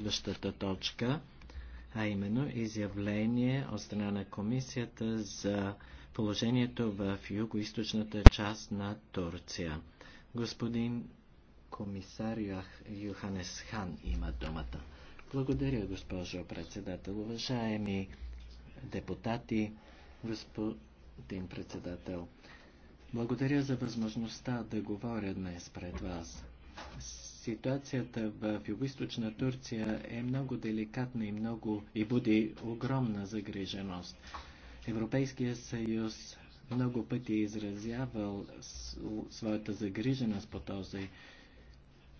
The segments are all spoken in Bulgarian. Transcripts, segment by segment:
следващата точка, а именно изявление от страна на комисията за положението в юго-источната част на Турция. Господин комисар Йоханес Хан има думата. Благодаря, госпожо председател. Уважаеми депутати, господин председател, благодаря за възможността да говоря днес пред вас ситуацията в Юго-Источна Турция е много деликатна и много и буди огромна загриженост. Европейския съюз много пъти е изразявал своята загриженост по този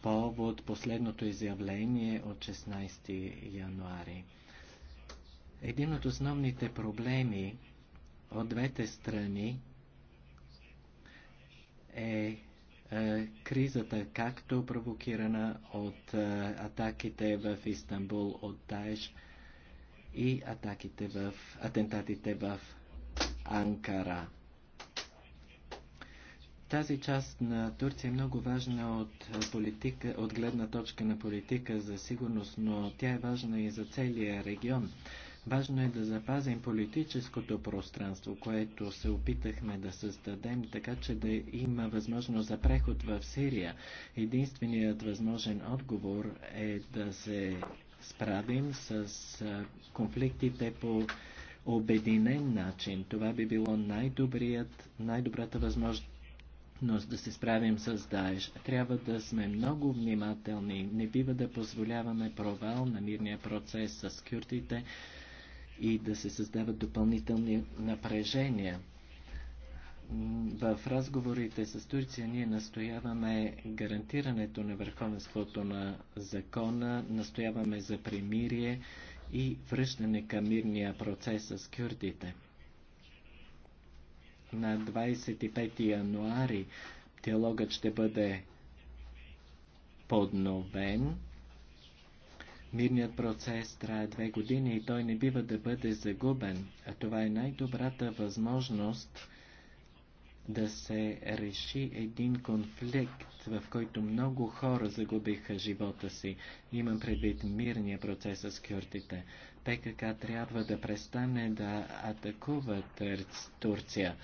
повод последното изявление от 16 януари. Един от основните проблеми от двете страни е е, кризата, е както провокирана от е, атаките в Истанбул от Даеш и атаките в, атентатите в Анкара. Тази част на Турция е много важна от, политика, от гледна точка на политика за сигурност, но тя е важна и за целия регион. Важно е да запазим политическото пространство, което се опитахме да създадем, така че да има възможност за преход в Сирия. Единственият възможен отговор е да се справим с конфликтите по обединен начин. Това би било най-добрият, най-добрата възможност да се справим с Даеш. Трябва да сме много внимателни. Не бива да позволяваме провал на мирния процес с кюртите и да се създават допълнителни напрежения. В разговорите с Турция ние настояваме гарантирането на върховенството на закона, настояваме за примирие и връщане към мирния процес с кюрдите. На 25 януари диалогът ще бъде подновен Мирният процес трае две години и той не бива да бъде загубен. А това е най-добрата възможност да се реши един конфликт, в който много хора загубиха живота си. Имам предвид мирния процес с кюртите. ПКК трябва да престане да атакува Турция.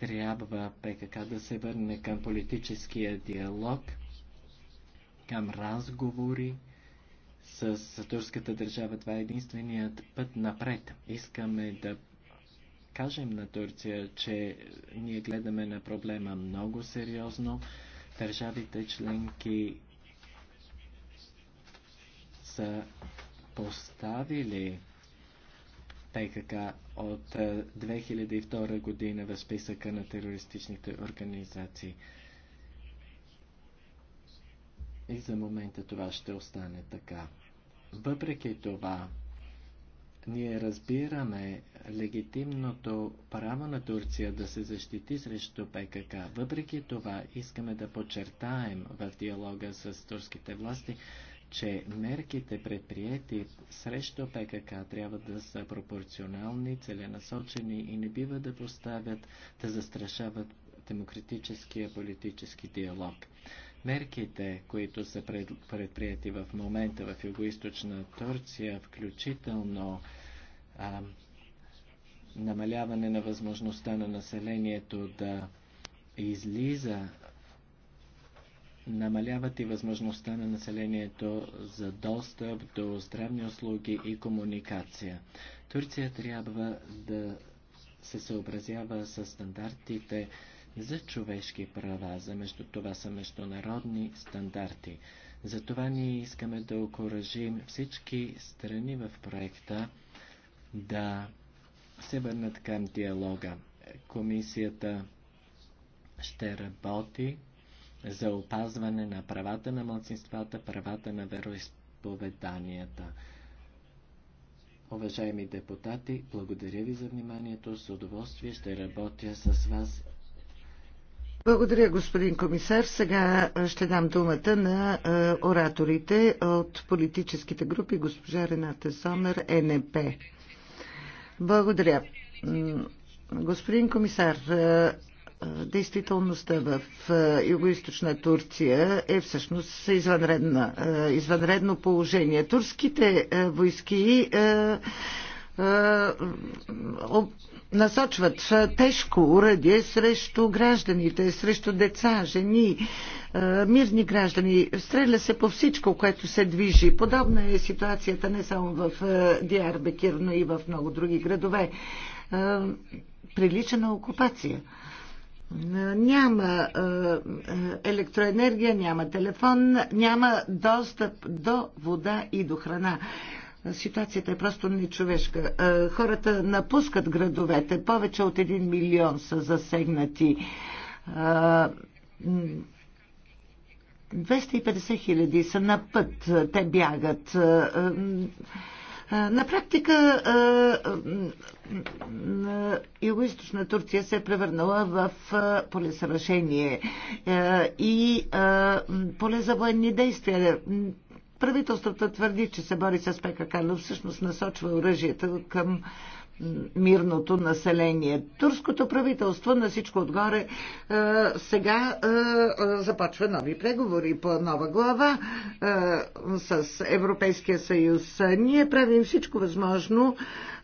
Трябва ПКК да се върне към политическия диалог – към разговори с турската държава. Това е единственият път напред. Искаме да кажем на Турция, че ние гледаме на проблема много сериозно. Държавите членки са поставили ПКК от 2002 година в списъка на терористичните организации. И за момента това ще остане така. Въпреки това, ние разбираме легитимното право на Турция да се защити срещу ПКК. Въпреки това, искаме да подчертаем в диалога с турските власти, че мерките предприяти срещу ПКК трябва да са пропорционални, целенасочени и не бива да поставят, да застрашават демократическия политически диалог. Мерките, които са предприяти в момента в Юго-Источна Турция, включително а, намаляване на възможността на населението да излиза, намаляват и възможността на населението за достъп до здравни услуги и комуникация. Турция трябва да се съобразява с стандартите за човешки права. За между, това са международни стандарти. Затова ние искаме да окоръжим всички страни в проекта да се върнат към диалога. Комисията ще работи за опазване на правата на младсинствата, правата на вероисповеданията. Уважаеми депутати, благодаря ви за вниманието. С удоволствие ще работя с вас благодаря, господин комисар. Сега ще дам думата на ораторите от политическите групи, госпожа Рената Сомер, НП. Благодаря. Господин комисар, действителността в югоисточна Турция е всъщност извънредна, извънредно положение. Турските войски е, насочват тежко уръдие срещу гражданите, срещу деца, жени, е, мирни граждани. Стреля се по всичко, което се движи. Подобна е ситуацията не само в е, Диарбекир, но и в много други градове. Прилича на окупация. Няма електроенергия, няма телефон, няма достъп до вода и до храна. Ситуацията е просто нечовешка. Е, хората напускат градовете. Повече от 1 милион са засегнати. 250 е, хиляди са на път. Те бягат. Е, на практика Юго-Источна Турция се е превърнала в поле за и поле за военни действия. Правителството твърди, че се бори с ПКК, но всъщност насочва оръжията към мирното население. Турското правителство на всичко отгоре е, сега е, е, започва нови преговори по нова глава с Европейския съюз. Ние правим всичко възможно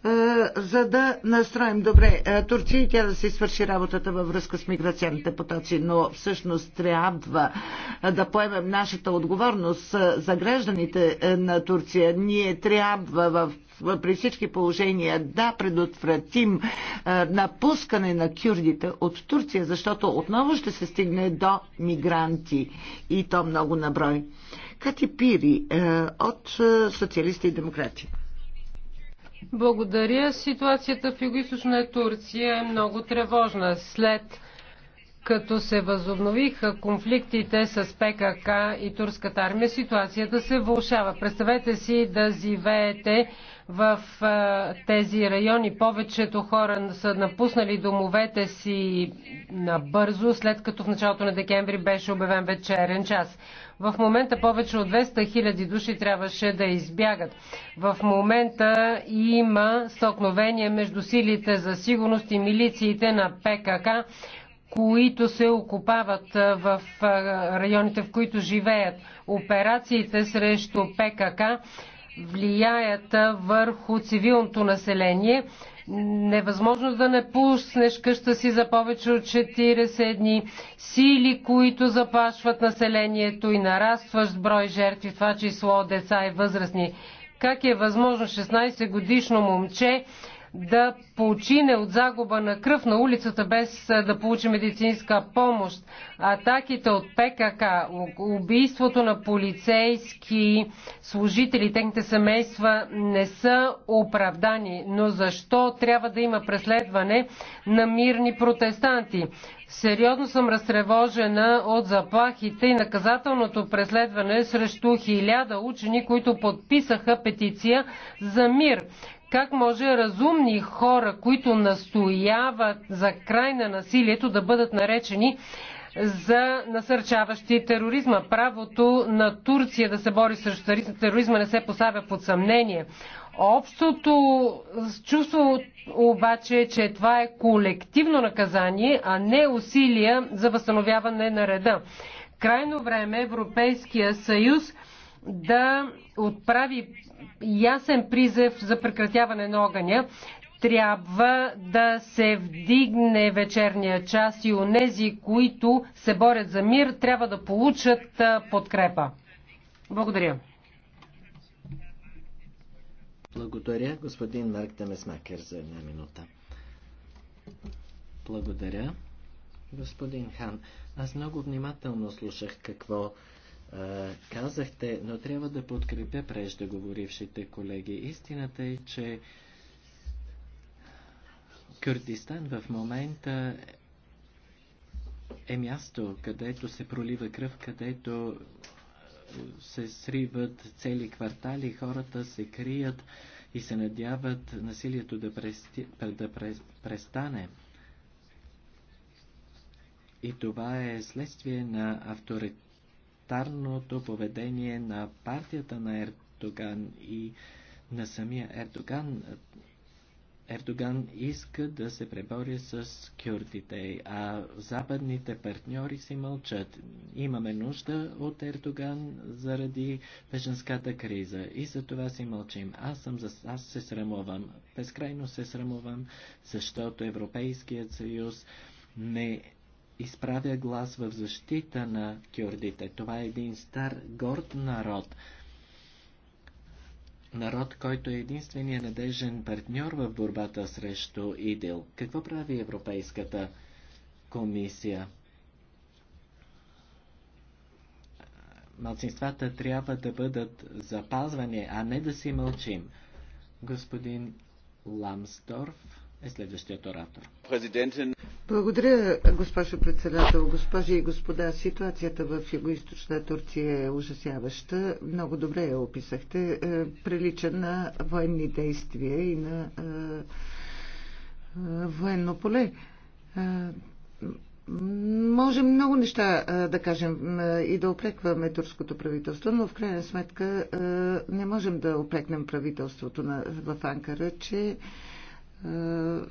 е, за да настроим добре е, Турция и тя да се свърши работата във връзка с миграционните потоци, но всъщност трябва да поемем нашата отговорност е, за гражданите на Турция. Ние трябва в при всички положения да предотвратим напускане на кюрдите от Турция, защото отново ще се стигне до мигранти и то много наброй. Кати Пири от Социалисти и Демократи. Благодаря. Ситуацията в Юго-Источна Турция е много тревожна. След като се възобновиха конфликтите с ПКК и турската армия, ситуацията се вълшава. Представете си да живеете в тези райони повечето хора са напуснали домовете си набързо, след като в началото на декември беше обявен вечерен час. В момента повече от 200 000 души трябваше да избягат. В момента има стълкновение между силите за сигурност и милициите на ПКК, които се окупават в районите, в които живеят. Операциите срещу ПКК влияят върху цивилното население. Невъзможност да не пуснеш къща си за повече от 40 дни. Сили, които заплашват населението и нарастващ брой жертви, това число деца и възрастни. Как е възможно 16 годишно момче да почине от загуба на кръв на улицата без да получи медицинска помощ. Атаките от ПКК, убийството на полицейски служители, техните семейства не са оправдани. Но защо трябва да има преследване на мирни протестанти? Сериозно съм разтревожена от заплахите и наказателното преследване срещу хиляда учени, които подписаха петиция за мир. Как може разумни хора, които настояват за край на насилието, да бъдат наречени за насърчаващи тероризма. Правото на Турция да се бори срещу тероризма не се поставя под съмнение. Общото чувство обаче е, че това е колективно наказание, а не усилия за възстановяване на реда. Крайно време Европейския съюз да отправи ясен призев за прекратяване на огъня. Трябва да се вдигне вечерния час и онези, които се борят за мир, трябва да получат подкрепа. Благодаря. Благодаря, господин Марк Демесмакер, за една минута. Благодаря. Господин Хан, аз много внимателно слушах какво казахте, но трябва да подкрепя преждеговорившите колеги. Истината е, че Кюрдистан в момента е място, където се пролива кръв, където се сриват цели квартали, хората се крият и се надяват насилието да, прести, да престане. И това е следствие на авторитет авторитарното поведение на партията на Ердоган и на самия Ердоган. Ердоган иска да се пребори с кюрдите, а западните партньори си мълчат. Имаме нужда от Ердоган заради беженската криза и за това си мълчим. Аз, съм, аз се срамувам, безкрайно се срамувам, защото Европейският съюз не изправя глас в защита на кюрдите. Това е един стар, горд народ. Народ, който е единствения надежен партньор в борбата срещу ИДИЛ. Какво прави Европейската комисия? Малцинствата трябва да бъдат запазвани, а не да си мълчим. Господин Ламсторф е следващият оратор. Президентин благодаря, госпожо председател, госпожи и господа. Ситуацията в Юго-Источна Турция е ужасяваща. Много добре я описахте. Е, прилича на военни действия и на е, е, военно поле. Може много неща да кажем и да опрекваме турското правителство, но в крайна сметка не можем да опрекнем правителството в Анкара, че е,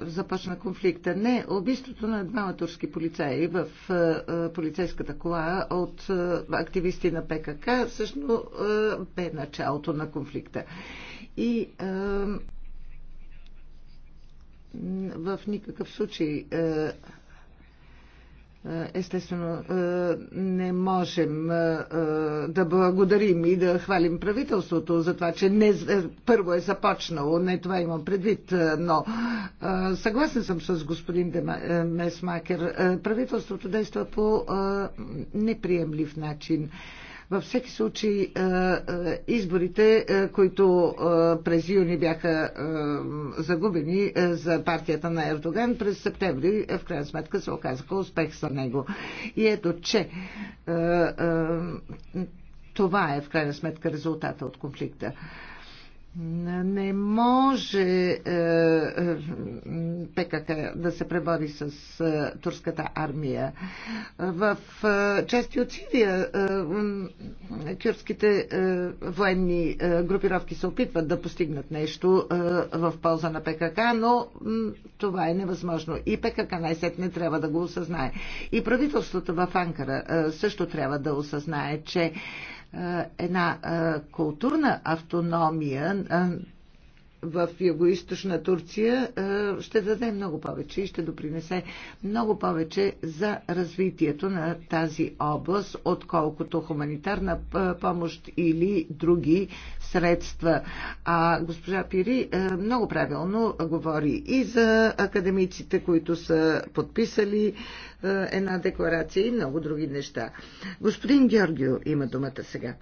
започна конфликта. Не, убийството на двама турски полицаи в е, е, полицейската кола от активисти на ПКК всъщност бе началото на конфликта. И в никакъв случай е, естествено, е, не можем е, да благодарим и да хвалим правителството за това, че не, първо е започнало, не това имам предвид, но съгласен съм с господин Месмакер. Правителството действа по неприемлив начин. Във всеки случай е, е, изборите, е, които през юни бяха загубени за партията на Ердоган, през септември в крайна сметка се оказаха успех за него. И ето, че това е в крайна сметка резултата от конфликта. Не може е, е, ПКК да се пребори с е, турската армия. В части от Сирия тюркските военни групировки се опитват да постигнат нещо в полза на ПКК, но това е невъзможно. И ПКК най-сетне трябва да го осъзнае. И правителството в Анкара също трябва да осъзнае, че е, една е, културна автономия е, в Юго-Источна Турция ще даде много повече и ще допринесе много повече за развитието на тази област, отколкото хуманитарна помощ или други средства. А госпожа Пири много правилно говори и за академиците, които са подписали една декларация и много други неща. Господин Георгио има думата сега.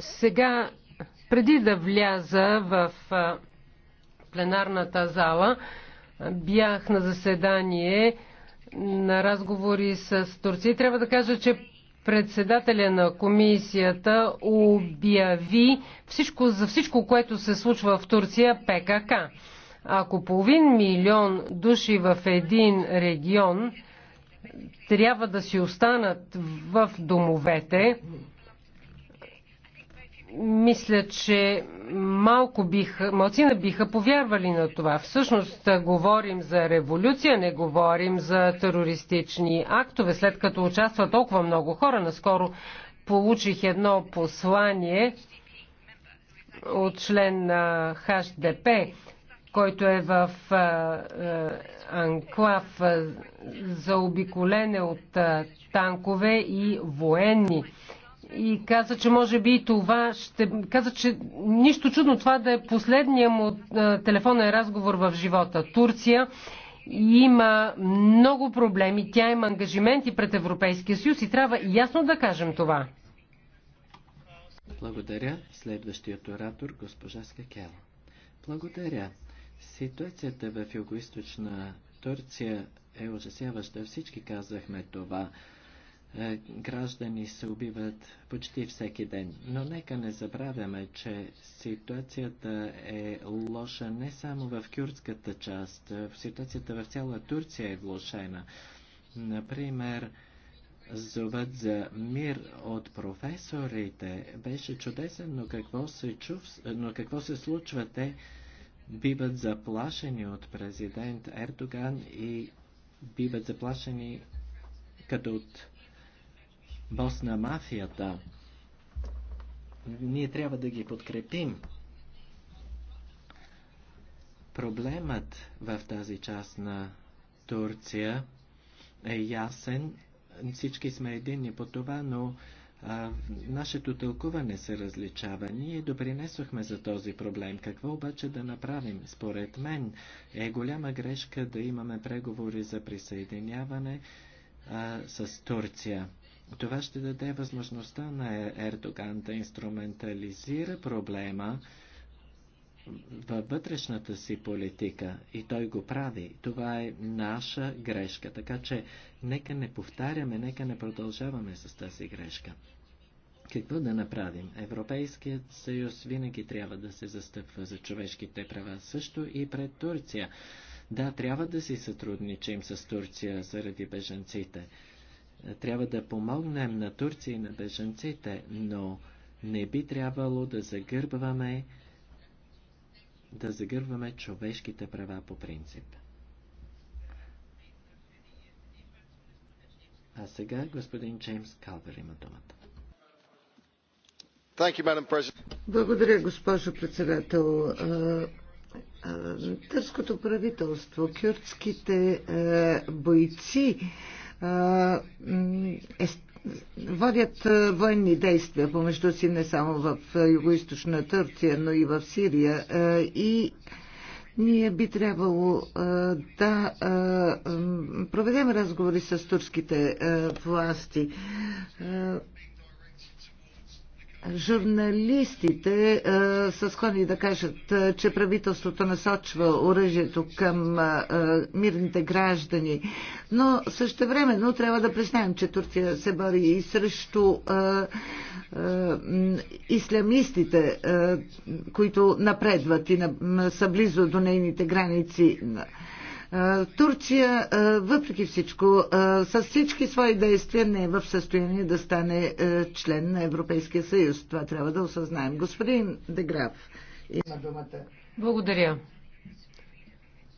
Сега, преди да вляза в пленарната зала, бях на заседание на разговори с Турция. Трябва да кажа, че председателя на комисията обяви всичко, за всичко, което се случва в Турция ПКК. Ако половин милион души в един регион трябва да си останат в домовете, мисля, че малко биха, малцина биха повярвали на това. Всъщност говорим за революция, не говорим за терористични актове, след като участва толкова много хора. Наскоро получих едно послание от член на ХДП, който е в а, а, анклав а, обиколене от а, танкове и военни и каза, че може би и това ще... Каза, че нищо чудно това да е последния му телефонен разговор в живота. Турция има много проблеми, тя има ангажименти пред Европейския съюз и трябва ясно да кажем това. Благодаря. Следващият оратор, госпожа Скакела. Благодаря. Ситуацията в югоизточна Турция е ужасяваща. Всички казахме това. Е, граждани се убиват почти всеки ден. Но нека не забравяме, че ситуацията е лоша не само в кюрдската част, ситуацията в цяла Турция е влошена. Например, зовът за мир от професорите беше чудесен, но какво се, чув... но какво се случва те? биват заплашени от президент Ердоган и биват заплашени като от бос на мафията. Ние трябва да ги подкрепим. Проблемът в тази част на Турция е ясен. Всички сме единни по това, но а, нашето тълкуване се различава. Ние допринесохме за този проблем. Какво обаче да направим? Според мен е голяма грешка да имаме преговори за присъединяване а, с Турция. Това ще даде възможността на Ердоган да инструментализира проблема във вътрешната си политика и той го прави. Това е наша грешка, така че нека не повтаряме, нека не продължаваме с тази грешка. Какво да направим? Европейският съюз винаги трябва да се застъпва за човешките права, също и пред Турция. Да, трябва да си сътрудничим с Турция заради беженците. Трябва да помогнем на Турция и на бежанците, но не би трябвало да загърбваме да загърбваме човешките права по принцип. А сега господин Джеймс Калвер има думата. Благодаря, госпожо председател. Търското правителство, кюртските бойци е, водят военни действия помежду си не само в Юго-Источна Турция, но и в Сирия. И ние би трябвало да проведем разговори с турските власти. Журналистите а, е, са склонни да кажат, а, е, че правителството насочва оръжието към а, е, мирните граждани, но същевременно трябва да признаем, че Турция се бори и срещу а, а, ислямистите, а, които напредват и на, са близо до нейните граници. Турция, въпреки всичко, с всички свои действия не е в състояние да стане член на Европейския съюз. Това трябва да осъзнаем. Господин Деграф има думата. Благодаря.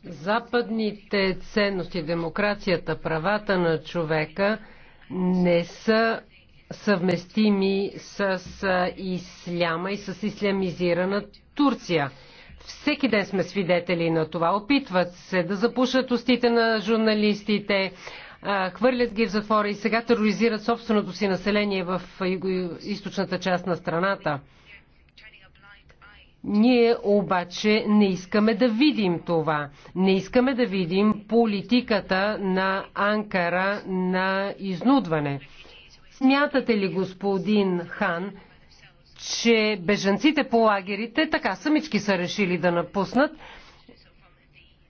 Западните ценности, демокрацията, правата на човека не са съвместими с исляма и с ислямизирана Турция. Всеки ден сме свидетели на това. Опитват се да запушат устите на журналистите, хвърлят ги в затвора и сега тероризират собственото си население в източната част на страната. Ние обаче не искаме да видим това. Не искаме да видим политиката на Анкара на изнудване. Смятате ли, господин Хан, че бежанците по лагерите така самички са решили да напуснат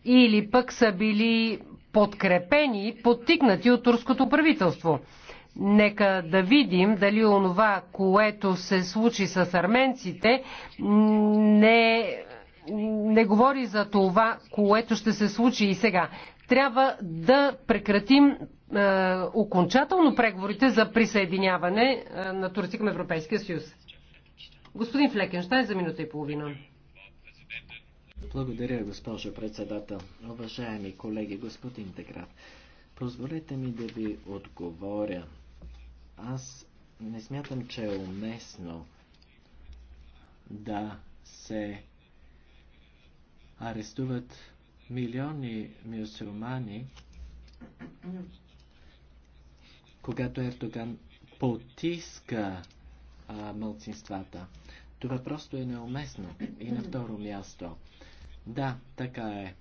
или пък са били подкрепени подтикнати от турското правителство. Нека да видим дали онова, което се случи с арменците, не, не говори за това, което ще се случи и сега. Трябва да прекратим е, окончателно преговорите за присъединяване е, на Турция към Европейския съюз. Господин Флекенштайн за минута и половина. Благодаря, госпожо председател. Уважаеми колеги, господин Деграф, позволете ми да ви отговоря. Аз не смятам, че е уместно да се арестуват милиони мюсюлмани, когато Ердоган потиска а, мълцинствата. Това просто е неуместно. И на второ място. Да, така е.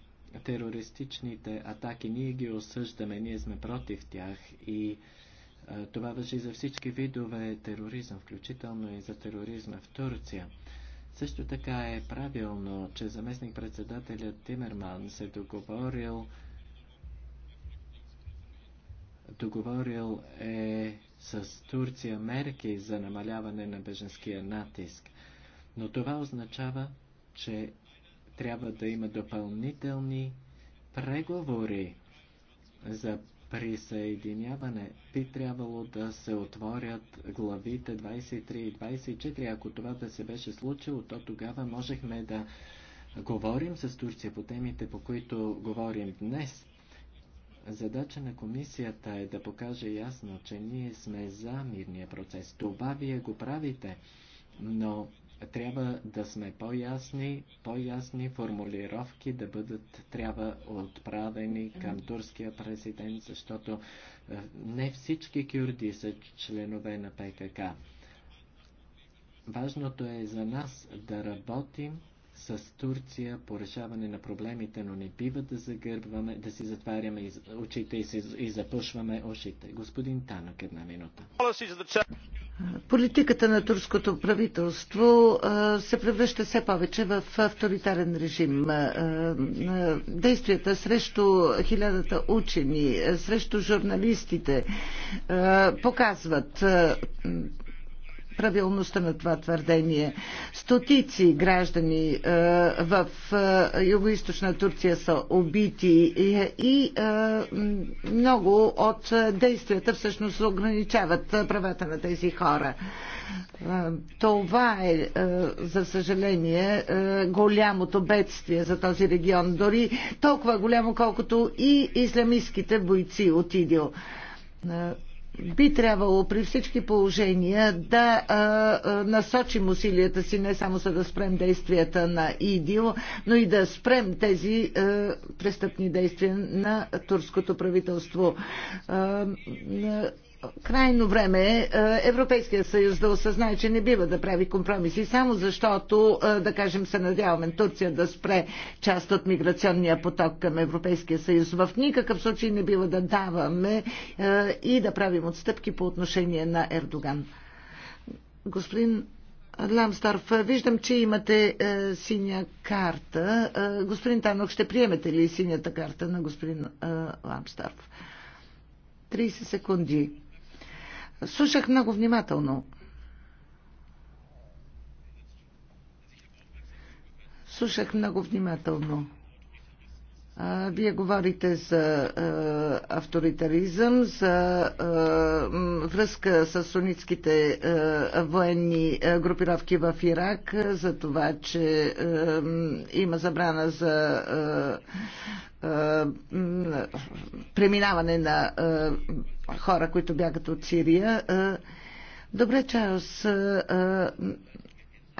Терористичните атаки, ние ги осъждаме, ние сме против тях и е, това въжи за всички видове тероризъм, включително и за тероризма в Турция. Също така е правилно, че заместник-председателят Тимерман се договорил договорил е с Турция мерки за намаляване на беженския натиск. Но това означава, че трябва да има допълнителни преговори за присъединяване. Би трябвало да се отворят главите 23 и 24. Ако това да се беше случило, то тогава можехме да говорим с Турция по темите, по които говорим днес. Задача на комисията е да покаже ясно, че ние сме за мирния процес. Това вие го правите, но трябва да сме по-ясни, по-ясни формулировки да бъдат трябва отправени към турския президент, защото е, не всички кюрди са членове на ПКК. Важното е за нас да работим с Турция по решаване на проблемите, но не бива да загърбваме, да си затваряме очите и, си, и запушваме ушите. Господин Танък, една минута. Политиката на турското правителство се превръща все повече в авторитарен режим. Действията срещу хилядата учени, срещу журналистите показват правилността на това твърдение. Стотици граждани е, в е, Юго-Источна Турция са убити и е, много от действията всъщност ограничават правата на тези хора. Това е, за съжаление, голямото бедствие за този регион. Дори толкова голямо, колкото и исламистските бойци от ИДИО би трябвало при всички положения да а, а, насочим усилията си не само за да спрем действията на идио, но и да спрем тези а, престъпни действия на турското правителство. А, крайно време е, е Европейския съюз да осъзнае, че не бива да прави компромиси, само защото, е, да кажем, се надяваме Турция да спре част от миграционния поток към Европейския съюз. В никакъв случай не бива да даваме е, и да правим отстъпки по отношение на Ердоган. Господин Ламстарф, виждам, че имате е, синя карта. Е, господин Танок, ще приемете ли синята карта на господин е, Ламстарф? 30 секунди. Слушах много внимателно. Слушах много внимателно. Вие говорите за авторитаризъм, за връзка с сунитските военни групировки в Ирак, за това, че има забрана за преминаване на хора, които бягат от Сирия. Добре, Чарлз,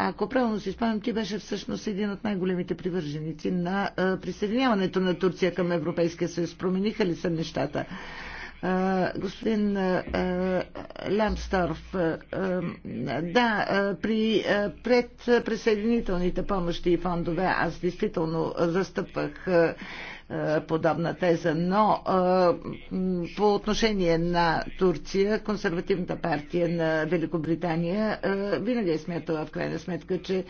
ако правилно си спомням, ти беше всъщност един от най-големите привърженици на присъединяването на Турция към Европейския съюз. Промениха ли са нещата? господин Лямсторф, да, при пред присъединителните помощи и фондове аз действително А, е, подобна теза, но е, по отношение на Турция, консервативната партия на Великобритания е, винаги е смятала в крайна сметка, че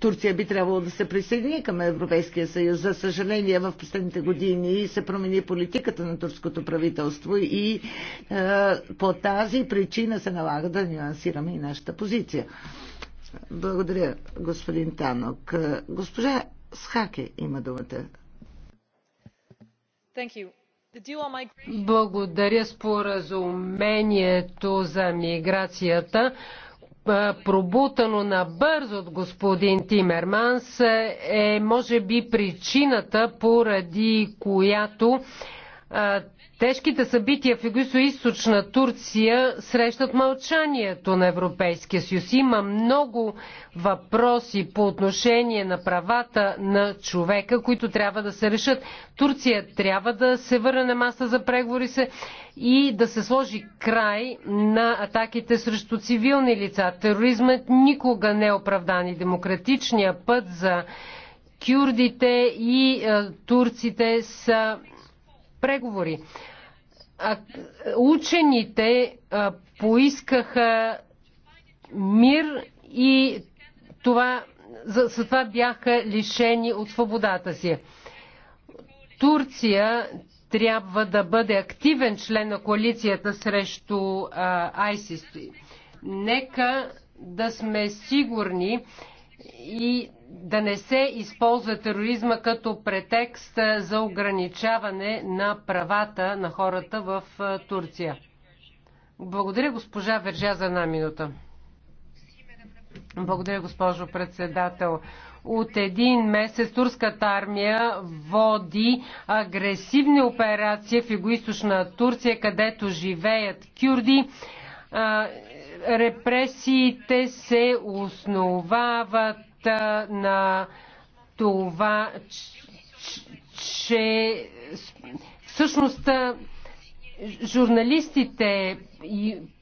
Турция би трябвало да се присъедини към Европейския съюз. За съжаление, в последните години се промени политиката на турското правителство и е, по тази причина се налага да нюансираме и нашата позиция. Благодаря, господин Танок. Госпожа Схаке има думата. Благодаря споразумението за миграцията, пробутано набързо от господин Тимерманс, е може би причината, поради която Тежките събития в Юго-Источна Турция срещат мълчанието на Европейския съюз. Има много въпроси по отношение на правата на човека, които трябва да се решат. Турция трябва да се върне на маса за преговори се и да се сложи край на атаките срещу цивилни лица. Тероризмът никога не е оправдан и демократичния път за кюрдите и е, турците са преговори а, учените а, поискаха мир и това, за, за това бяха лишени от свободата си. Турция трябва да бъде активен член на коалицията срещу а, ISIS. Нека да сме сигурни и да не се използва тероризма като претекст за ограничаване на правата на хората в Турция. Благодаря госпожа Вержа за една минута. Благодаря, госпожо председател. От един месец турската армия води агресивни операции в югоизточна Турция, където живеят кюрди. Репресиите се основават на това, че всъщност журналистите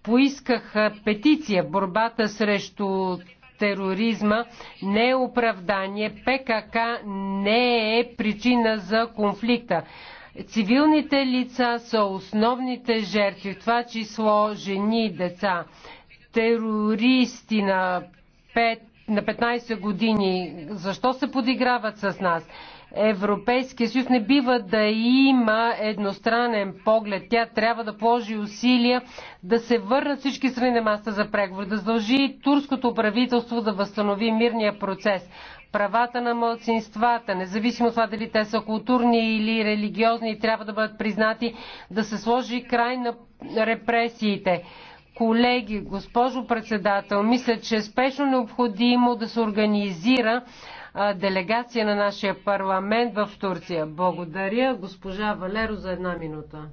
поискаха петиция борбата срещу тероризма не е оправдание, ПКК не е причина за конфликта. Цивилните лица са основните жертви, в това число жени и деца. Терористи на пет на 15 години. Защо се подиграват с нас? Европейския съюз не бива да има едностранен поглед. Тя трябва да положи усилия да се върнат всички страни на маста за преговори, да задължи турското правителство да възстанови мирния процес. Правата на младсинствата, независимо от това дали те са културни или религиозни, трябва да бъдат признати, да се сложи край на репресиите Колеги, госпожо председател, мисля, че е спешно необходимо да се организира делегация на нашия парламент в Турция. Благодаря, госпожа Валеро, за една минута.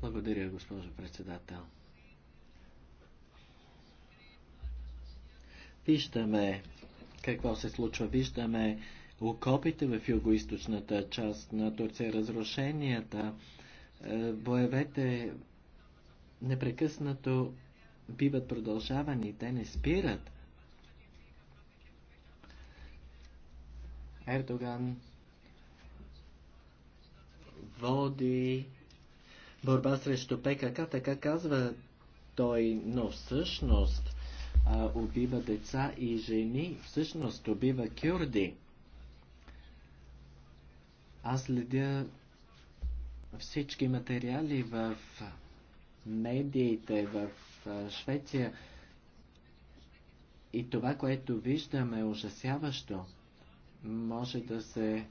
Благодаря, госпожо председател. Виждаме какво се случва. Виждаме окопите в юго-источната част на Турция, разрушенията е, боевете непрекъснато биват продължавани, те не спират. Ердоган води борба срещу ПКК, така казва той, но всъщност а, убива деца и жени, всъщност убива кюрди. Аз следя всички материали в медиите в Швеция и това, което виждаме е ужасяващо. Може да се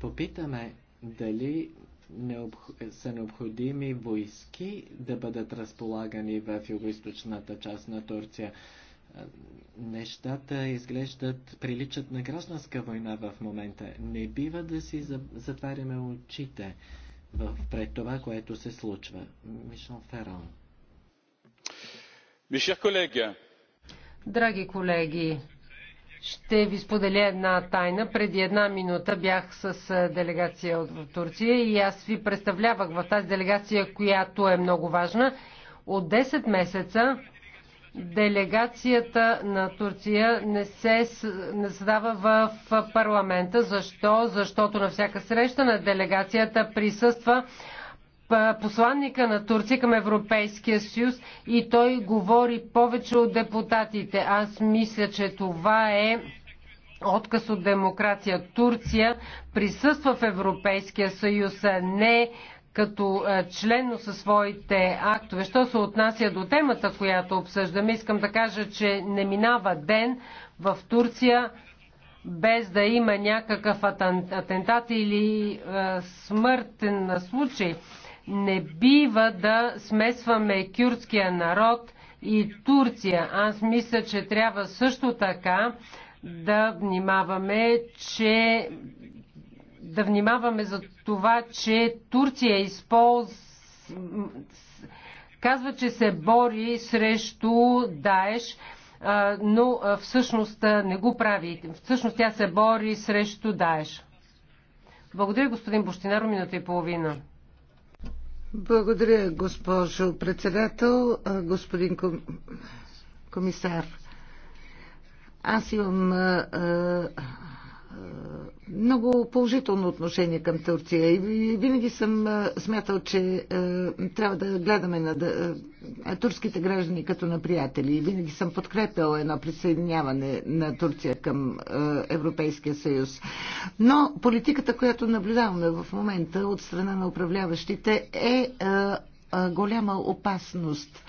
попитаме дали необх... са необходими войски да бъдат разполагани в юго част на Турция. Нещата изглеждат, приличат на гражданска война в момента. Не бива да си затваряме очите в пред това, което се случва. Мишон Ферон. Драги колеги, ще ви споделя една тайна. Преди една минута бях с делегация от Турция и аз ви представлявах в тази делегация, която е много важна. От 10 месеца делегацията на Турция не се не задава в парламента. Защо? Защото на всяка среща на делегацията присъства посланника на Турция към Европейския съюз и той говори повече от депутатите. Аз мисля, че това е отказ от демокрация. Турция присъства в Европейския съюз, не като е, член със своите актове. Що се отнася до темата, която обсъждаме, искам да кажа, че не минава ден в Турция без да има някакъв атентат или е, смъртен случай. Не бива да смесваме кюрдския народ и Турция. Аз мисля, че трябва също така да внимаваме, че да внимаваме за това, че Турция използва казва, че се бори срещу Даеш, но всъщност не го прави. Всъщност тя се бори срещу Даеш. Благодаря, господин Бощинаро, минута и половина. Благодаря, госпожо председател, господин ком... комисар. Аз имам много положително отношение към Турция и винаги съм смятал, че трябва да гледаме на турските граждани като на приятели и винаги съм подкрепял едно присъединяване на Турция към Европейския съюз. Но политиката, която наблюдаваме в момента от страна на управляващите е голяма опасност.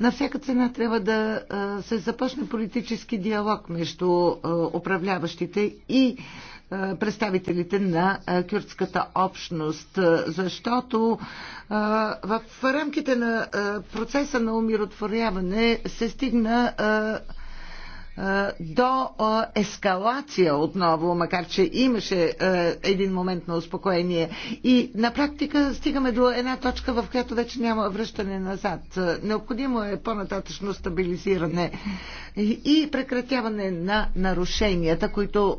На всяка цена трябва да се започне политически диалог между управляващите и представителите на кюртската общност, защото в рамките на процеса на умиротворяване се стигна до ескалация отново, макар че имаше един момент на успокоение. И на практика стигаме до една точка, в която вече няма връщане назад. Необходимо е по-нататъчно стабилизиране и прекратяване на нарушенията, които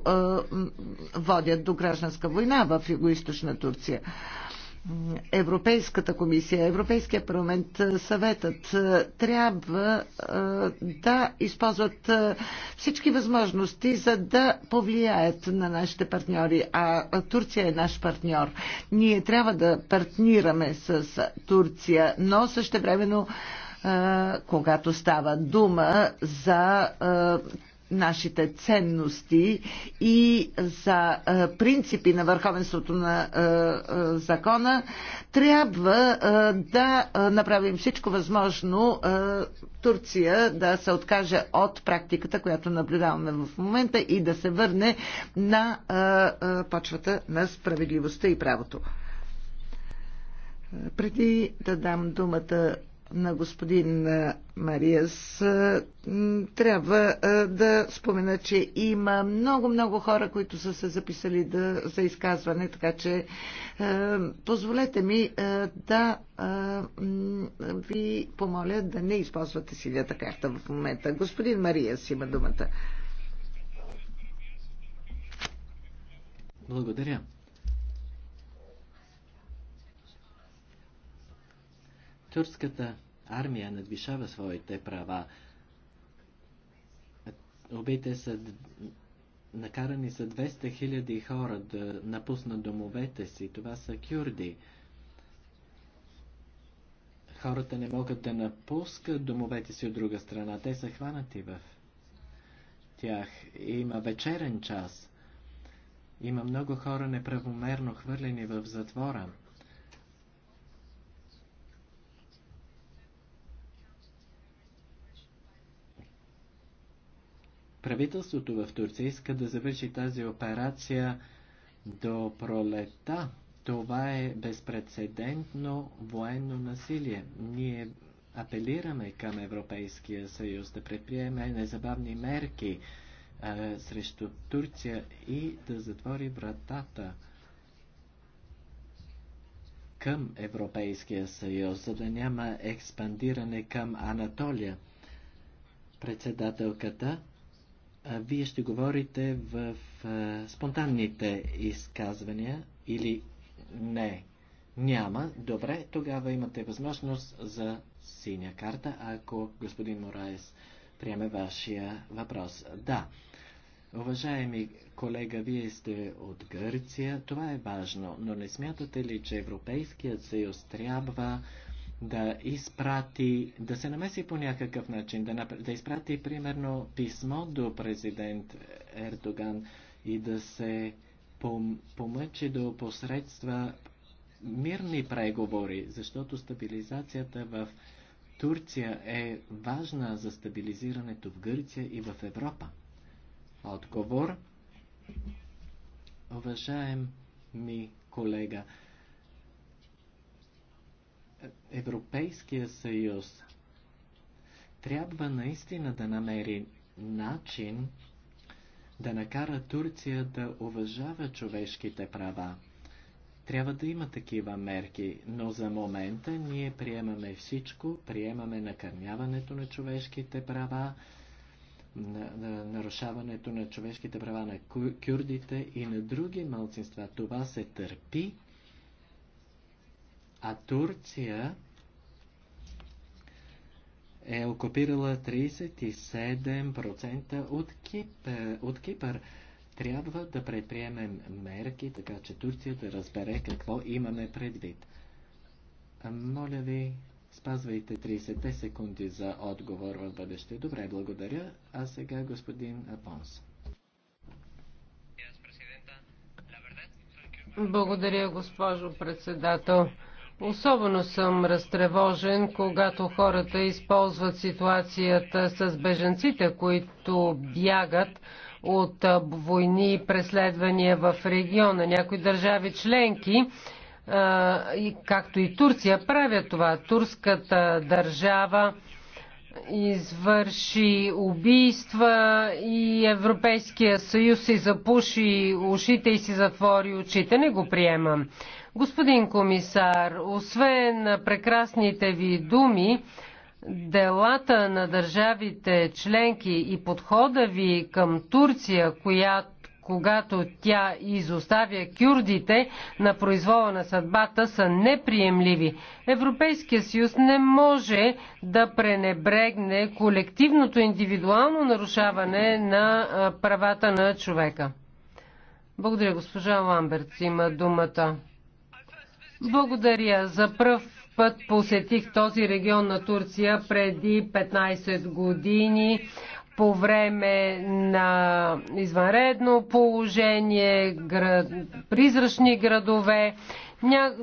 водят до гражданска война в Юго-Источна Турция. Европейската комисия, Европейския парламент, е, съветът е, трябва е, да използват всички възможности, за да повлияят на нашите партньори. А Турция е наш партньор. Ние трябва да партнираме с Турция, но също времено когато става дума за нашите ценности и за е, принципи на върховенството на е, е, закона, трябва да направим всичко възможно Турция да се откаже от практиката, която наблюдаваме в момента и да се върне на почвата на справедливостта и правото. Преди да дам думата на господин Мариас, трябва да спомена, че има много-много хора, които са се записали да, за изказване, така че позволете ми да ви помоля да не използвате синята карта в момента. Господин Мариас има думата. Благодаря. Турската армия надвишава своите права. Убите са накарани са 200 хиляди хора да напуснат домовете си. Това са кюрди. Хората не могат да напускат домовете си от друга страна. Те са хванати в тях. Има вечерен час. Има много хора неправомерно хвърлени в затвора. Правителството в Турция иска да завърши тази операция до пролета. Това е безпредседентно военно насилие. Ние апелираме към Европейския съюз да предприеме незабавни мерки а, срещу Турция и да затвори вратата към Европейския съюз, за да няма експандиране към Анатолия. Председателката вие ще говорите в спонтанните изказвания или не? Няма. Добре, тогава имате възможност за синя карта, ако господин Мораес приеме вашия въпрос. Да. Уважаеми колега, вие сте от Гърция. Това е важно, но не смятате ли, че Европейският съюз трябва да изпрати, да се намеси по някакъв начин, да, да изпрати примерно писмо до президент Ердоган и да се пом, помъчи до посредства мирни преговори, защото стабилизацията в Турция е важна за стабилизирането в Гърция и в Европа. Отговор. Уважаем ми колега, Европейския съюз трябва наистина да намери начин да накара Турция да уважава човешките права. Трябва да има такива мерки, но за момента ние приемаме всичко, приемаме накърняването на човешките права, на, на, нарушаването на човешките права на кюрдите и на други малцинства. Това се търпи а Турция е окупирала 37% от Кипър. От Кипър. Трябва да предприемем мерки, така че Турция да разбере какво имаме предвид. Моля ви, спазвайте 30 секунди за отговор в бъдеще. Добре, благодаря. А сега господин Апонс. Благодаря, госпожо председател. Особено съм разтревожен, когато хората използват ситуацията с беженците, които бягат от войни и преследвания в региона. Някои държави членки, както и Турция, правят това. Турската държава извърши убийства и Европейския съюз си запуши ушите и си затвори очите. Не го приемам. Господин комисар, освен прекрасните ви думи, делата на държавите членки и подхода ви към Турция, която когато тя изоставя кюрдите на произвола на съдбата, са неприемливи. Европейския съюз не може да пренебрегне колективното индивидуално нарушаване на правата на човека. Благодаря, госпожа Ламберт. Има думата. Благодаря. За пръв път посетих този регион на Турция преди 15 години по време на извънредно положение, град, призрачни градове. Ня...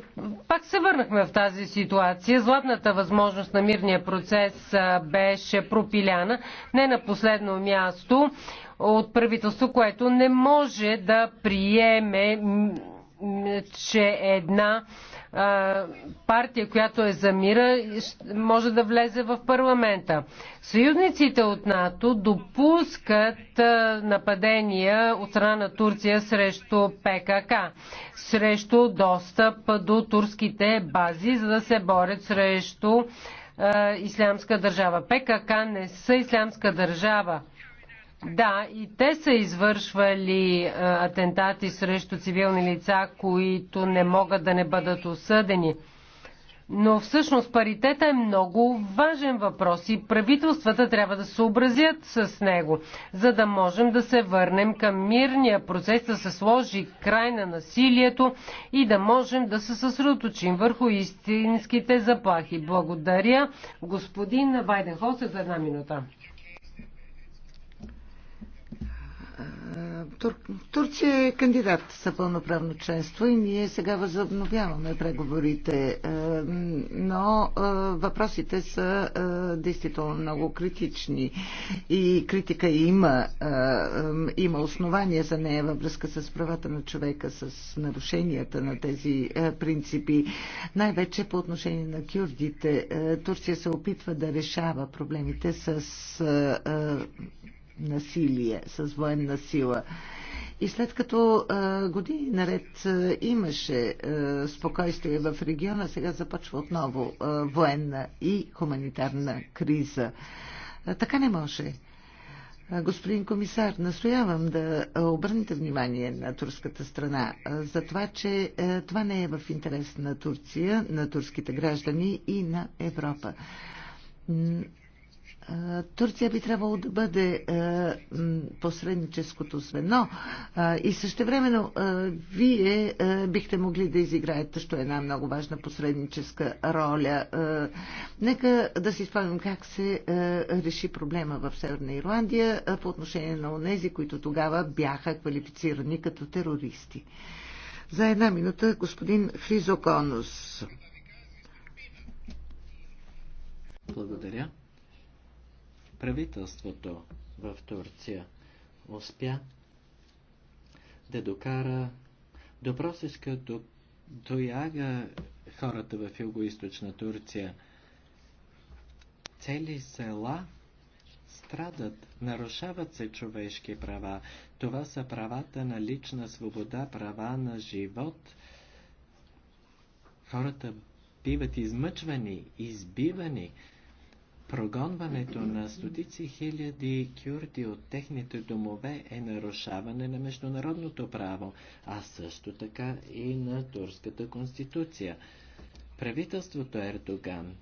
Пак се върнахме в тази ситуация. Златната възможност на мирния процес беше пропиляна, не на последно място, от правителство, което не може да приеме, че една партия, която е за мира, може да влезе в парламента. Съюзниците от НАТО допускат нападения от страна на Турция срещу ПКК, срещу достъп до турските бази, за да се борят срещу ислямска държава. ПКК не са ислямска държава. Да, и те са извършвали е, атентати срещу цивилни лица, които не могат да не бъдат осъдени. Но всъщност паритета е много важен въпрос и правителствата трябва да се образят с него, за да можем да се върнем към мирния процес, да се сложи край на насилието и да можем да се съсредоточим върху истинските заплахи. Благодаря господин Вайденхолсер за една минута. Тур... Турция е кандидат за пълноправно членство и ние сега възобновяваме преговорите, е, но е, въпросите са е, действително много критични и критика има, има основания за нея във връзка с правата на човека, с нарушенията на тези принципи. Най-вече по отношение на кюрдите. Турция се опитва да решава проблемите с насилие, с военна сила. И след като а, години наред а, имаше а, спокойствие в региона, сега започва отново а, военна и хуманитарна криза. А, така не може. Господин комисар, настоявам да обърнете внимание на турската страна за това, че това не е в интерес на Турция, на турските граждани и на Европа. Турция би трябвало да бъде е, посредническото звено е, и също времено е, вие бихте могли да изиграете е една много важна посредническа роля. Нека да си спомним как се реши проблема в Северна Ирландия по отношение на онези, които тогава бяха квалифицирани като терористи. За една минута господин Фризоконус. Благодаря. Правителството в Турция успя да докара до просеска до дояга хората в юго Турция. Цели села страдат, нарушават се човешки права. Това са правата на лична свобода, права на живот. Хората биват измъчвани, избивани. Прогонването на стотици хиляди кюрди от техните домове е нарушаване на международното право, а също така и на турската конституция. Правителството Ердоган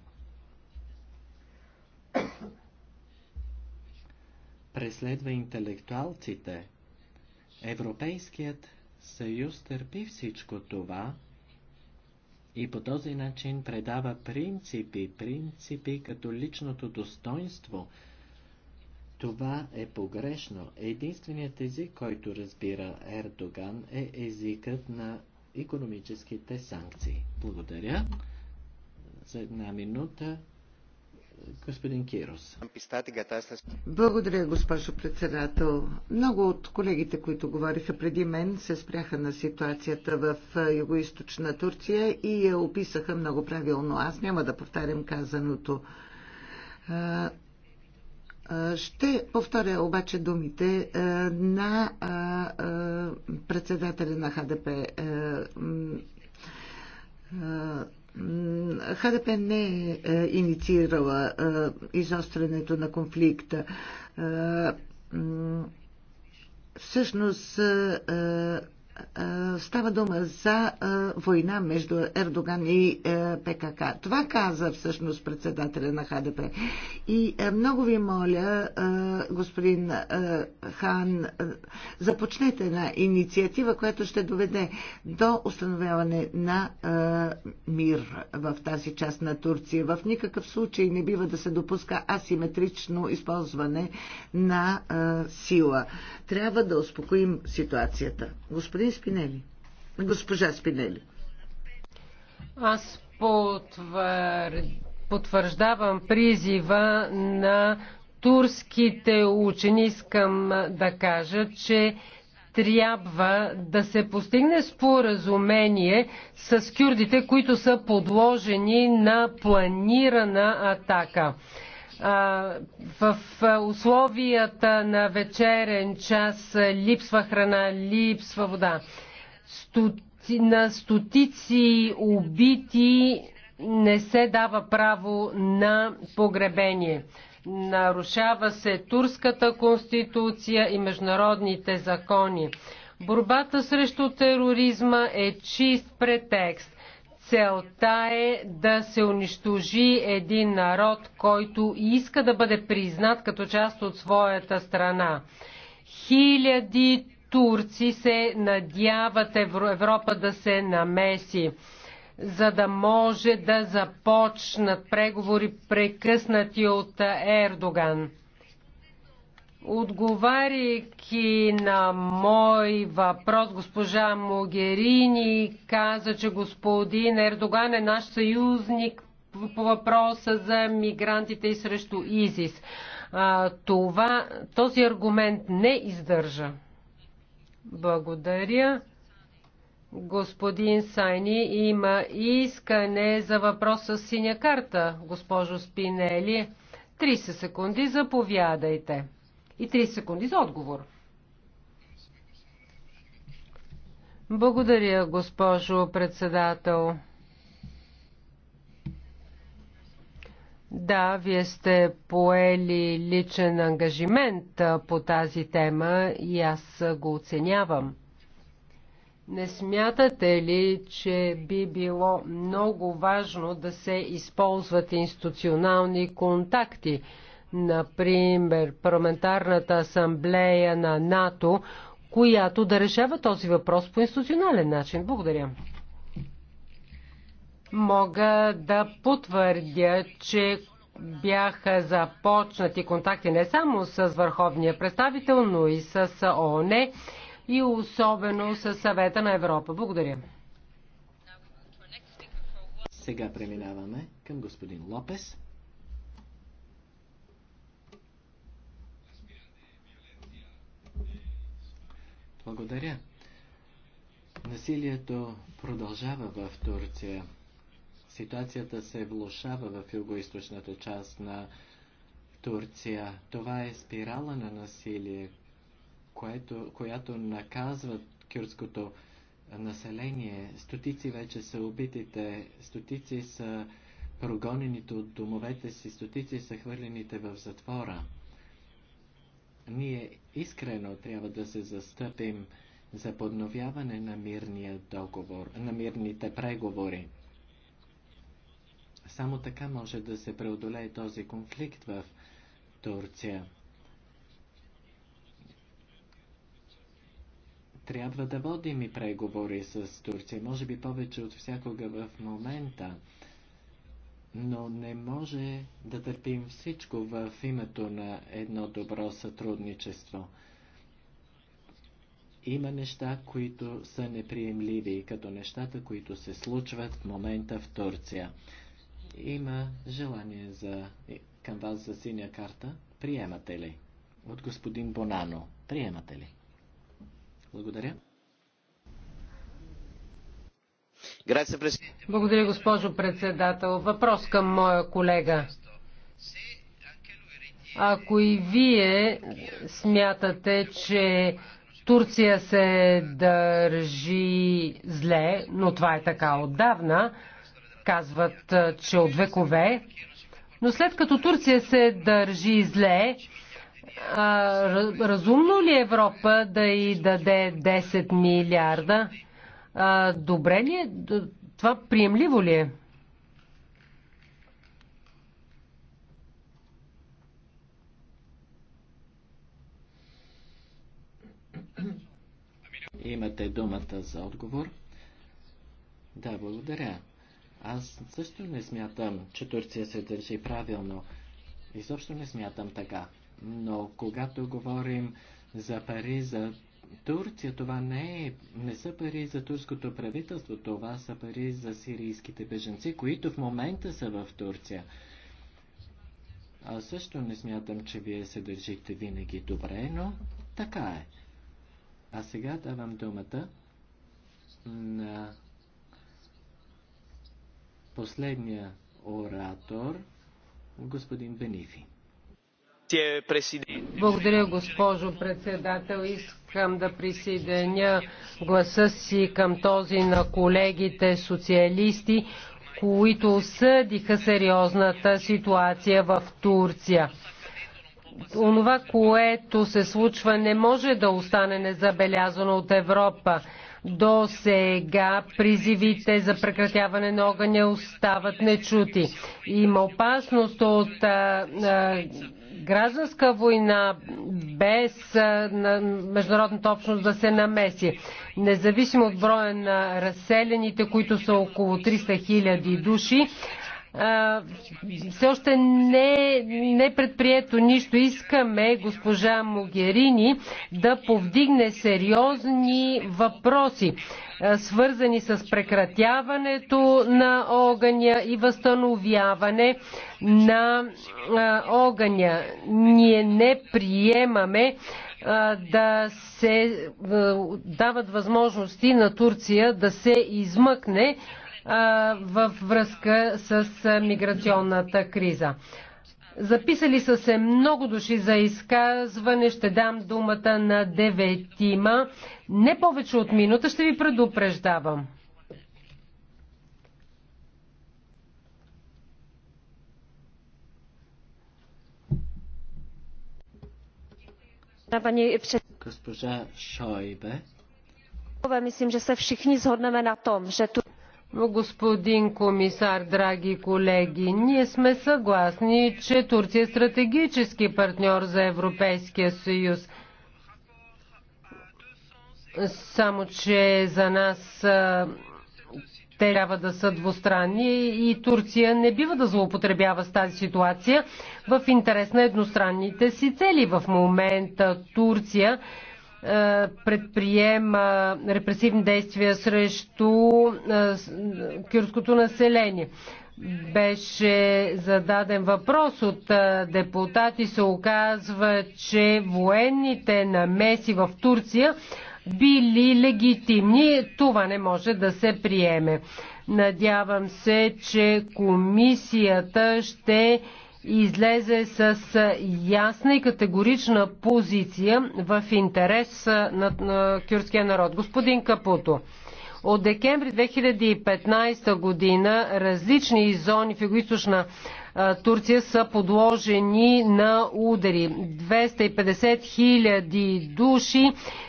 преследва интелектуалците. Европейският съюз търпи всичко това, и по този начин предава принципи, принципи като личното достоинство. Това е погрешно. Единственият език, който разбира Ердоган, е езикът на економическите санкции. Благодаря. За една минута господин Кирос. Благодаря, госпожо председател. Много от колегите, които говориха преди мен, се спряха на ситуацията в югоизточна Турция и я описаха много правилно. Аз няма да повтарям казаното. Ще повторя обаче думите на председателя на ХДП е, ХДП не е, е инициирала е, изострянето на конфликта. Е, всъщност става дума за война между Ердоган и ПКК. Това каза всъщност председателя на ХДП. И много ви моля, господин Хан, започнете една инициатива, която ще доведе до установяване на мир в тази част на Турция. В никакъв случай не бива да се допуска асиметрично използване на сила. Трябва да успокоим ситуацията. Господин господин Спинели. Госпожа Спинели. Аз потвър... потвърждавам призива на турските учени. Искам да кажа, че трябва да се постигне споразумение с кюрдите, които са подложени на планирана атака в условията на вечерен час липсва храна, липсва вода. Стоти, на стотици убити не се дава право на погребение. Нарушава се турската конституция и международните закони. Борбата срещу тероризма е чист претекст Целта е да се унищожи един народ, който иска да бъде признат като част от своята страна. Хиляди турци се надяват Европа да се намеси, за да може да започнат преговори прекъснати от Ердоган. Отговаряйки на мой въпрос, госпожа Могерини каза, че господин Ердоган е наш съюзник по въпроса за мигрантите и срещу ИЗИС. А, това, този аргумент не издържа. Благодаря. Господин Сайни има искане за въпрос с синя карта, госпожо Спинели. 30 секунди, заповядайте и 30 секунди за отговор. Благодаря, госпожо председател. Да, вие сте поели личен ангажимент по тази тема и аз го оценявам. Не смятате ли, че би било много важно да се използват институционални контакти? Например, парламентарната асамблея на НАТО, която да решава този въпрос по институционален начин. Благодаря. Мога да потвърдя, че бяха започнати контакти не само с върховния представител, но и с ООН и особено с съвета на Европа. Благодаря. Сега преминаваме към господин Лопес. Благодаря. Насилието продължава в Турция. Ситуацията се влушава в югоисточната част на Турция. Това е спирала на насилие, което, която наказва кюрското население. Стотици вече са убитите, стотици са прогонените от домовете си, стотици са хвърлените в затвора. Ние искрено трябва да се застъпим за подновяване на мирния договор, на мирните преговори. Само така може да се преодолее този конфликт в Турция. Трябва да водим и преговори с Турция, може би повече от всякога в момента но не може да търпим всичко в името на едно добро сътрудничество. Има неща, които са неприемливи, като нещата, които се случват в момента в Турция. Има желание за, към вас за синя карта. Приемате ли? От господин Бонано. Приемате ли? Благодаря. Благодаря, госпожо председател. Въпрос към моя колега. Ако и вие смятате, че Турция се държи зле, но това е така отдавна, казват, че от векове, но след като Турция се държи зле, разумно ли е Европа да й даде 10 милиарда? А, добре ли е? Това приемливо ли е? Имате думата за отговор. Да, благодаря. Аз също не смятам, че Турция се държи правилно. Изобщо не смятам така. Но когато говорим за Пари, за Турция това не, е, не са пари за турското правителство, това са пари за сирийските беженци, които в момента са в Турция. Аз също не смятам, че вие се държите винаги добре, но така е. А сега давам думата на последния оратор, господин Бенифи. Благодаря, госпожо председател. Искам да присъединя гласа си към този на колегите социалисти, които осъдиха сериозната ситуация в Турция. Онова, което се случва, не може да остане незабелязано от Европа. До сега призивите за прекратяване на огъня остават нечути. Има опасност от а, а, гражданска война без международната общност да се намеси. Независимо от броя на разселените, които са около 300 000 души, все още не, не е предприето нищо. Искаме госпожа Могерини да повдигне сериозни въпроси, свързани с прекратяването на огъня и възстановяване на огъня. Ние не приемаме да се дават възможности на Турция да се измъкне във връзка с миграционната криза. Записали са се много души за изказване. Ще дам думата на деветима. Не повече от минута ще ви предупреждавам. Госпожа Шойбе. Мислим, че се всички zhodneme на том, че тук Господин комисар, драги колеги, ние сме съгласни, че Турция е стратегически партньор за Европейския съюз. Само, че за нас те трябва да са двустранни и Турция не бива да злоупотребява с тази ситуация в интерес на едностранните си цели. В момента Турция е, предприема репресивни действия срещу е, кюрското население. Беше зададен въпрос от е, депутати. Се оказва, че военните намеси в Турция били легитимни. Това не може да се приеме. Надявам се, че комисията ще излезе с ясна и категорична позиция в интерес на, на кюрския народ. Господин Капуто, от декември 2015 година различни зони в югоизточна Турция са подложени на удари. 250 хиляди души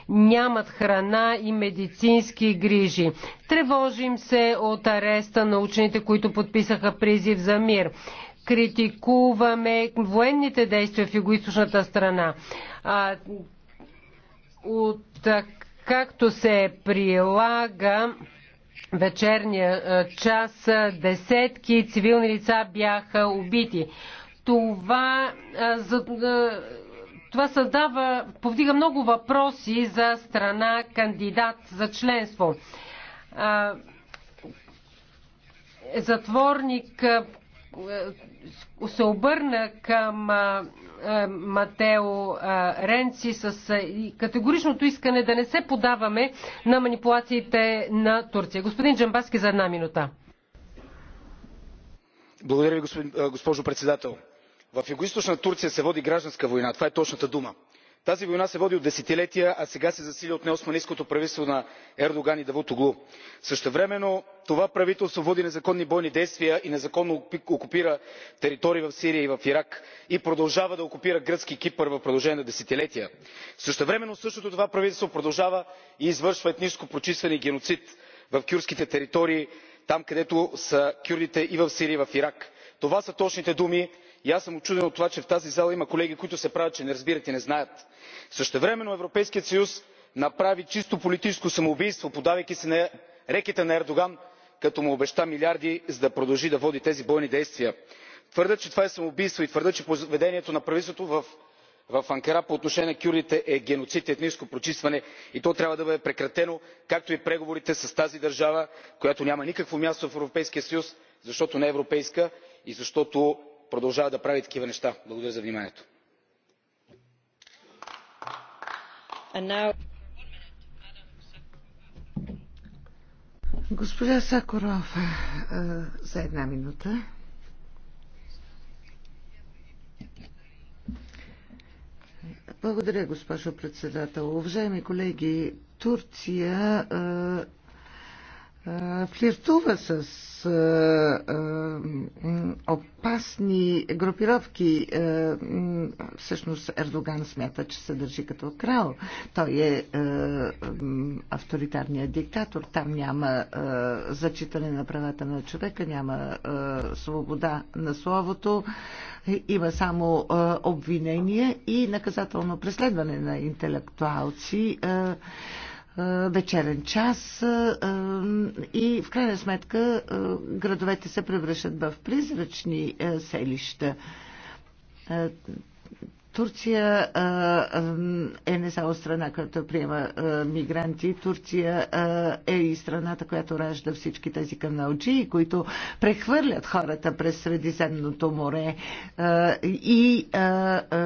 нямат храна и медицински грижи. Тревожим се от ареста на учените, които подписаха призив за мир критикуваме военните действия в югоизточната страна. А, от, както се прилага вечерния час, десетки цивилни лица бяха убити. Това, за, това създава, повдига много въпроси за страна кандидат за членство затворник, се обърна към Матео Ренци с категоричното искане да не се подаваме на манипулациите на Турция. Господин Джамбаски за една минута. Благодаря ви, госпожо председател. В югоизточна Турция се води гражданска война. Това е точната дума тази война се води от десетилетия а сега се засиля от неоосманското правителство на ердоган и давутоглу. същевременно това правителство води незаконни бойни действия и незаконно окупира територии в сирия и в ирак и продължава да окупира гръцки кипър в продължение на десетилетия. същевременно същото това правителство продължава и извършва етническо прочистване и геноцид в кюрдските територии там където са кюрдите и в сирия и в ирак. това са точните думи и аз съм учуден от това че в тази зала има колеги които се правят че не разбират и не знаят. същевременно европейският съюз направи чисто политическо самоубийство поддавайки се на рекета на ердоган като му обеща милиарди за да продължи да води тези бойни действия. твърдя че това е самоубийство и твърдя че поведението на правителството в анкара по отношение на кюрдите е геноцид и етническо прочистване и то трябва да бъде прекратено както и преговорите с тази държава която няма никакво място в европейския съюз защото не е европейска и защото продължава да прави такива неща. благодаря за вниманието. Госпожа Сакуров, е, е, за една минута. Благодаря, госпожо председател. Уважаеми колеги, Турция е, флиртува с опасни групировки. Всъщност Ердоган смята, че се държи като крал. Той е авторитарният диктатор. Там няма зачитане на правата на човека, няма свобода на словото. Има само обвинение и наказателно преследване на интелектуалци е, вечерен час е, е, и в крайна сметка градовете се превръщат в призрачни селища. Турция е не само страна, която приема мигранти. Турция е и страната, която ражда всички тези камналджии, които прехвърлят хората през Средиземното море и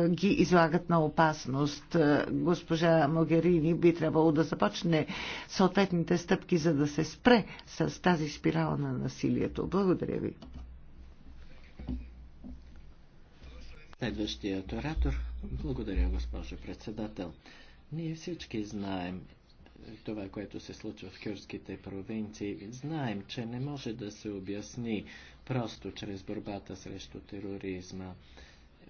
ги излагат на опасност. Госпожа Могерини би трябвало да започне съответните стъпки, за да се спре с тази спирала на насилието. Благодаря ви. Следващият оратор. Благодаря, госпожо председател. Ние всички знаем е, това, което се случва в кюрските провинции. Знаем, че не може да се обясни просто чрез борбата срещу тероризма.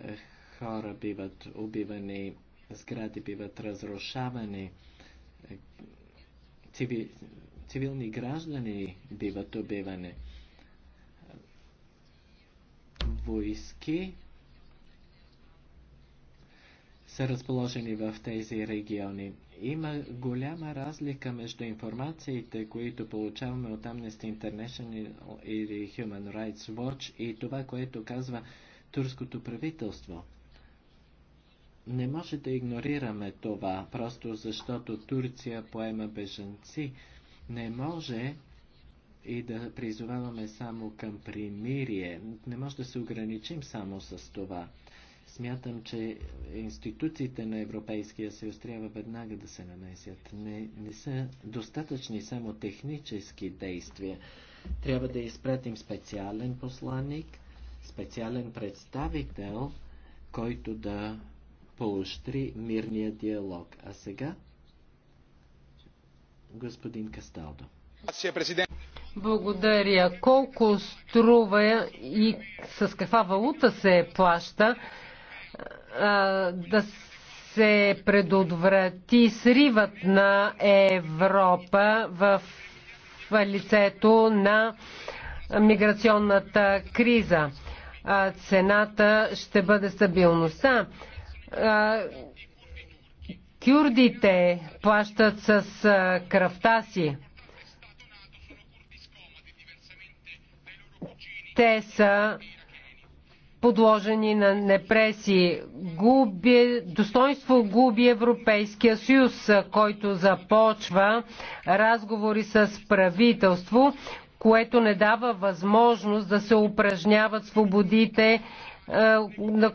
Е, хора биват убивани, сгради биват разрушавани, е, циви... цивилни граждани биват убивани. Войски са разположени в тези региони. Има голяма разлика между информациите, които получаваме от Amnesty International или Human Rights Watch и това, което казва турското правителство. Не може да игнорираме това, просто защото Турция поема беженци. Не може и да призоваваме само към примирие. Не може да се ограничим само с това. Смятам, че институциите на Европейския съюз трябва веднага да се намесят. Не, не са достатъчни само технически действия. Трябва да изпратим специален посланник, специален представител, който да поощри мирния диалог. А сега господин Касталдо. Благодаря. Колко струва и с каква валута се плаща да се предотврати сривът на Европа в лицето на миграционната криза. Цената ще бъде стабилността. Кюрдите плащат с кръвта си. Те са подложени на непресии. Губи, достоинство губи Европейския съюз, който започва разговори с правителство, което не дава възможност да се упражняват свободите, е, на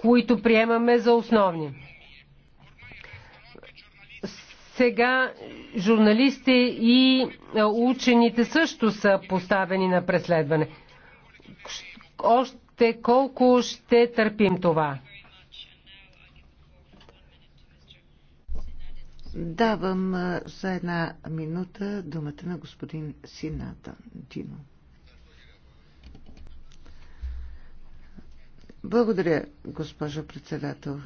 които приемаме за основни. Сега журналисти и е, учените също са поставени на преследване. Още още колко ще търпим това. Давам за една минута думата на господин Сината Дино. Благодаря, госпожо председател.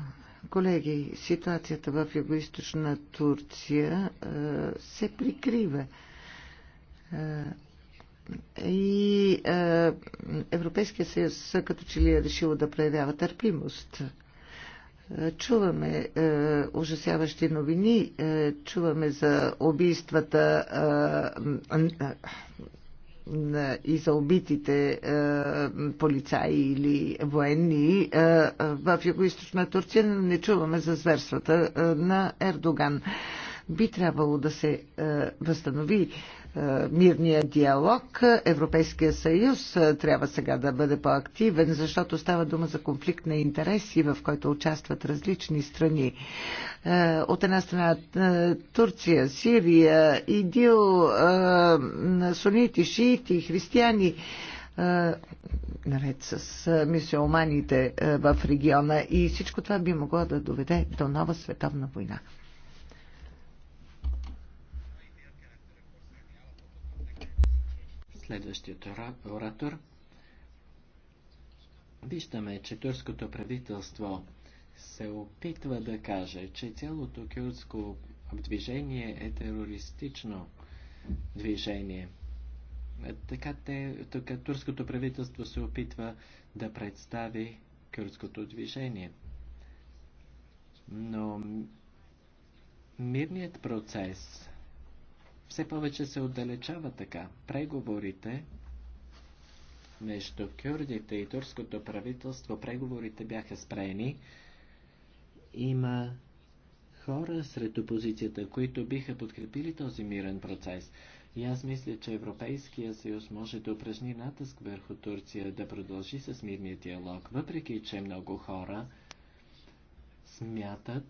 Колеги, ситуацията в югоизточна Турция се прикрива и е, Европейския съюз като че ли е решил да проявява търпимост. Е, чуваме е, ужасяващи новини, е, чуваме за убийствата е, е, и за убитите е, полицаи или военни е, е в Юго-Источна Турция, но не чуваме за зверствата е, на Ердоган. Е, би трябвало да се е, възстанови е, мирния диалог. Европейския съюз е, трябва сега да бъде по-активен, защото става дума за конфликт на интереси, в който участват различни страни. От една страна Турция, Сирия, Идил, сунити, шиити, християни наред с мисиоманите в региона и всичко това би могло да доведе до нова световна война. Следващият оратор. Виждаме, че турското правителство се опитва да каже, че цялото кюрдско движение е терористично движение. Така, те, така турското правителство се опитва да представи кюрдското движение. Но мирният процес все повече се отдалечава така. Преговорите между кюрдите и турското правителство, преговорите бяха спрени. Има хора сред опозицията, които биха подкрепили този мирен процес. И аз мисля, че Европейския съюз може да упражни натиск върху Турция да продължи с мирния диалог, въпреки че много хора смятат,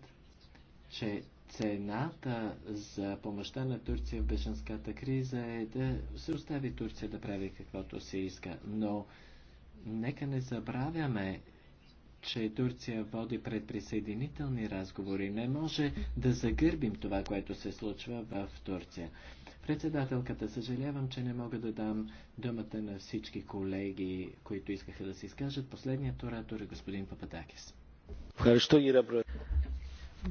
че цената за помощта на Турция в бешенската криза е да се остави Турция да прави каквото се иска. Но нека не забравяме, че Турция води предприсъединителни разговори. Не може да загърбим това, което се случва в Турция. Председателката, съжалявам, че не мога да дам думата на всички колеги, които искаха да се изкажат. Последният оратор е господин Пападакис.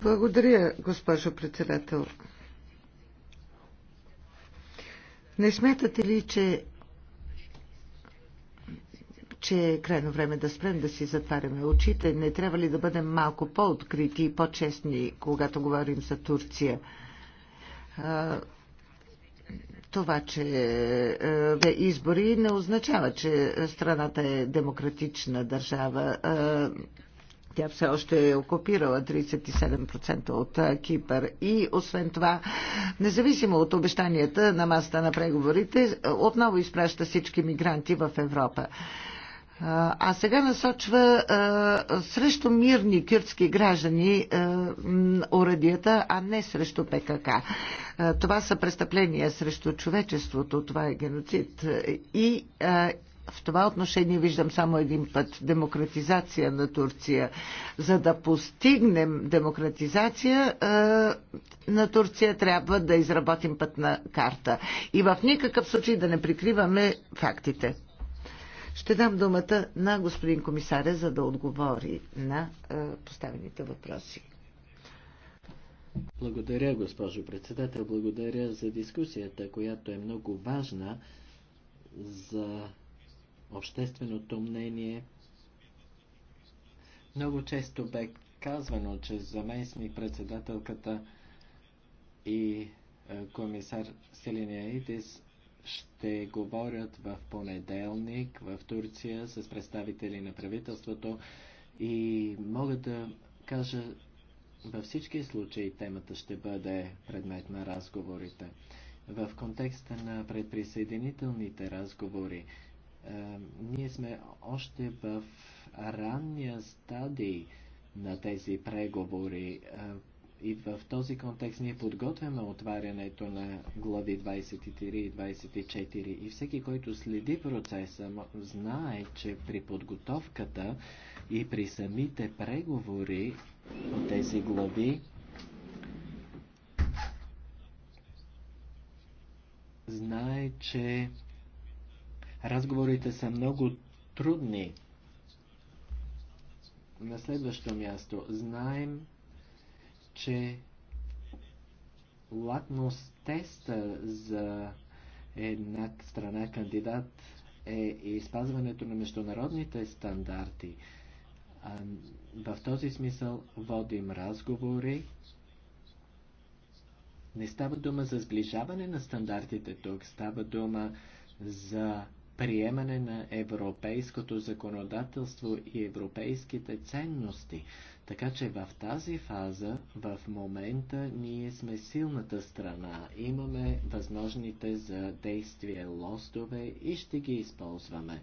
Благодаря, госпожо председател. Не смятате ли, че че е крайно време да спрем да си затваряме очите. Не трябва ли да бъдем малко по-открити и по-честни, когато говорим за Турция? Това, че бе избори, не означава, че страната е демократична държава. Тя все още е окупирала 37% от Кипър. И освен това, независимо от обещанията на масата на преговорите, отново изпраща всички мигранти в Европа а сега насочва а, срещу мирни кюртски граждани а, урадията, а не срещу ПКК. А, това са престъпления срещу човечеството, това е геноцид. И а, в това отношение виждам само един път демократизация на Турция. За да постигнем демократизация е, на Турция, трябва да изработим пътна карта. И в никакъв случай да не прикриваме фактите. Ще дам думата на господин комисаря, за да отговори на е, поставените въпроси. Благодаря, госпожо председател. Благодаря за дискусията, която е много важна за общественото мнение. Много често бе казвано, че заместник председателката и е, комисар Селиния Идис ще говорят в понеделник в Турция с представители на правителството и мога да кажа във всички случаи темата ще бъде предмет на разговорите. В контекста на предприсъединителните разговори е, ние сме още в ранния стадий на тези преговори. Е, и в този контекст ние подготвяме отварянето на глави 23 и 24. И всеки, който следи процеса, знае, че при подготовката и при самите преговори от тези глави знае, че Разговорите са много трудни. На следващо място знаем, че латност теста за една страна кандидат е и спазването на международните стандарти. А, в този смисъл водим разговори. Не става дума за сближаване на стандартите тук, става дума за приемане на европейското законодателство и европейските ценности. Така че в тази фаза, в момента, ние сме силната страна. Имаме възможните за действие лостове и ще ги използваме.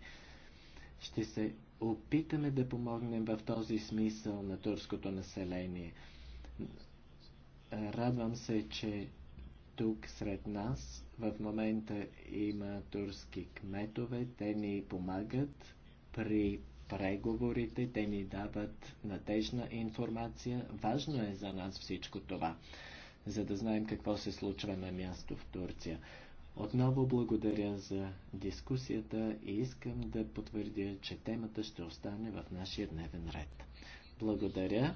Ще се опитаме да помогнем в този смисъл на турското население. Радвам се, че тук сред нас в момента има турски кметове, те ни помагат при преговорите, те ни дават надежна информация. Важно е за нас всичко това, за да знаем какво се случва на място в Турция. Отново благодаря за дискусията и искам да потвърдя, че темата ще остане в нашия дневен ред. Благодаря.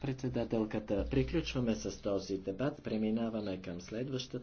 Председателката, приключваме с този дебат, преминаваме към следващата.